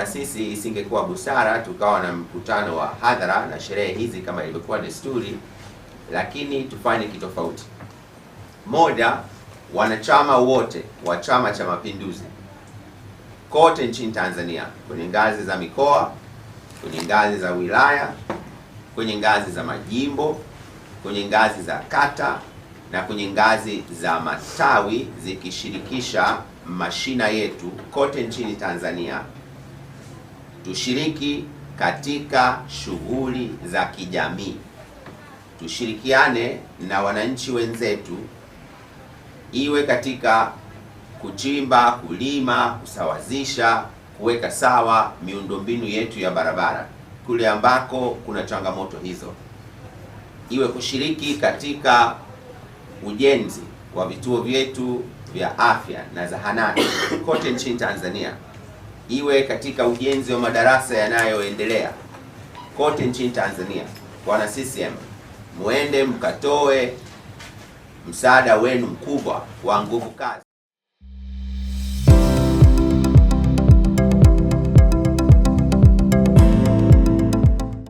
na sisi isingekuwa busara tukawa na mkutano wa hadhara na sherehe hizi kama ilivyokuwa desturi, lakini tufanye kitofauti. Moja, wanachama wote wa Chama cha Mapinduzi kote nchini Tanzania, kwenye ngazi za mikoa, kwenye ngazi za wilaya, kwenye ngazi za majimbo, kwenye ngazi za kata na kwenye ngazi za matawi, zikishirikisha mashina yetu kote nchini Tanzania tushiriki katika shughuli za kijamii, tushirikiane na wananchi wenzetu, iwe katika kuchimba, kulima, kusawazisha, kuweka sawa miundombinu yetu ya barabara kule ambako kuna changamoto hizo, iwe kushiriki katika ujenzi wa vituo vyetu vya afya na zahanati kote nchini Tanzania iwe katika ujenzi wa madarasa yanayoendelea kote nchini Tanzania. wana CCM, muende mkatoe msaada wenu mkubwa wa nguvu kazi.